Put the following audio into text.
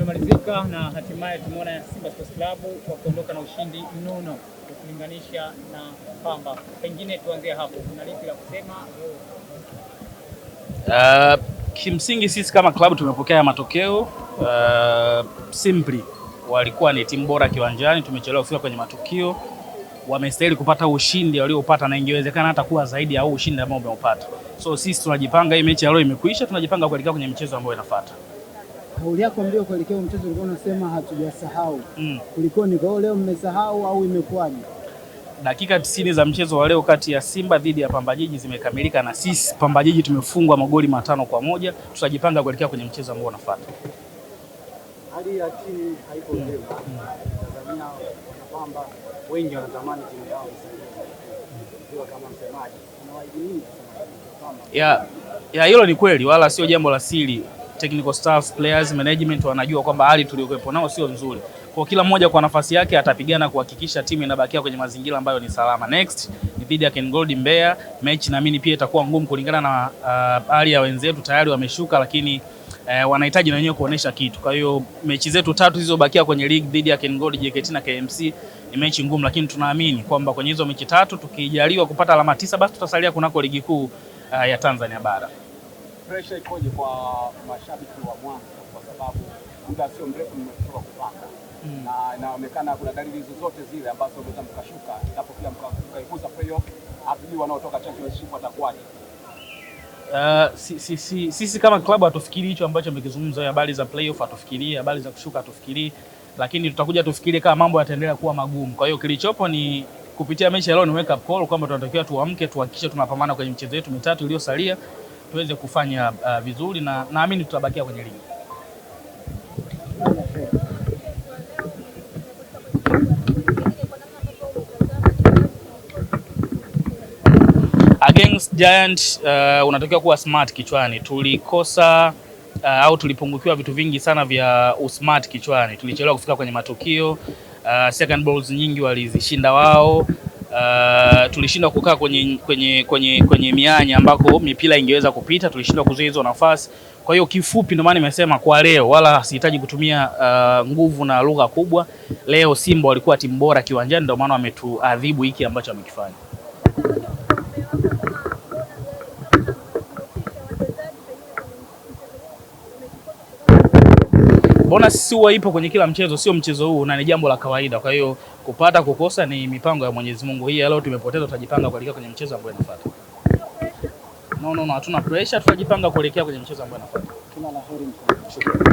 imemalizika na hatimaye tumeona Simba Sports Club kwa kuondoka na ushindi nono ukilinganisha na Pamba. Pengine tuanzie hapo, kuna lipi la kusema? Uh, kimsingi sisi kama klabu tumepokea matokeo uh, simply walikuwa ni timu bora kiwanjani, tumechelewa kufika kwenye matukio. Wamestahili kupata ushindi waliopata, na ingewezekana hata kuwa zaidi ya huu ushindi ambao umeupata. So sisi tunajipanga, hii mechi ya leo imekwisha, tunajipanga kuelekea kwenye michezo ambayo inafuata kauli yako mlio kuelekea mchezo ulikuwa unasema hatujasahau mm. Kulikuwa ni kwao leo mmesahau au imekuwaje? Dakika tisini za mchezo wa leo kati ya Simba dhidi ya Pamba Jiji zimekamilika na sisi Pamba Jiji tumefungwa magoli matano kwa moja. Tutajipanga kuelekea kwenye mchezo ambao unafuata. Hali ya timu haipo nzuri. Tanzania Pamba wengi wanatamani timu yao isiwe kama msemaji. Ya, ya hilo ni kweli wala sio jambo la siri technical staff, players, management wanajua kwamba hali tuliyokuwepo nao sio nzuri. Kwa kila mmoja kwa nafasi yake atapigana kuhakikisha timu inabakia kwenye mazingira ambayo ni salama. Next ni dhidi ya KenGold Mbeya. Mechi naamini pia itakuwa ngumu kulingana na uh, hali uh, ya wenzetu tayari wameshuka, lakini uh, wanahitaji na wenyewe kuonesha kitu. Kwa hiyo mechi zetu tatu zilizobakia kwenye league dhidi ya KenGold, JKT na KMC ni mechi ngumu, lakini tunaamini kwamba kwenye hizo mechi tatu tukijaliwa kupata alama tisa, basi tutasalia kunako ligi kuu uh, ya Tanzania bara pressure ikoje kwa mashabiki wa Mwanza? Kwa sababu muda sio mrefu nimetoka kupanda mm. na inaonekana kuna dalili zozote zile ambazo unaweza mkashuka, ndipo pia mkaikuza playoff, hadi wanaotoka championship watakuwaje? Uh, eh, sisi si, si, si, si, kama klabu hatufikiri hicho ambacho mmekizungumza, habari za playoff hatufikirii, habari za kushuka hatufikirii, lakini tutakuja tufikirie kama mambo yataendelea kuwa magumu. Kwa hiyo kilichopo ni kupitia mechi ya leo ni wake up call kwamba tunatakiwa tuamke, tuhakikishe tunapambana kwenye michezo yetu mitatu iliyosalia tuweze kufanya uh, vizuri na naamini tutabakia kwenye ligi. Against Giant uh, unatakiwa kuwa smart kichwani. Tulikosa uh, au tulipungukiwa vitu vingi sana vya usmart kichwani, tulichelewa kufika kwenye matukio uh, second balls nyingi walizishinda wao Uh, tulishindwa kukaa kwenye, kwenye, kwenye, kwenye mianya ambako mipira ingeweza kupita, tulishindwa kuzuia hizo nafasi. Kwa hiyo kifupi, ndio maana nimesema kwa leo, wala sihitaji kutumia uh, nguvu na lugha kubwa. Leo Simba walikuwa timu bora kiwanjani, ndio maana wametuadhibu hiki ambacho wamekifanya. sisi huwa ipo kwenye kila mchezo, sio mchezo huu, na ni jambo la kawaida. Kwa hiyo kupata kukosa ni mipango ya Mwenyezi Mungu. Hii leo tumepoteza, tutajipanga kuelekea kwenye mchezo ambao unafuata. No, no, no, hatuna pressure, tutajipanga kuelekea kwenye mchezo ambao unafuata. Kila la heri. Shukrani.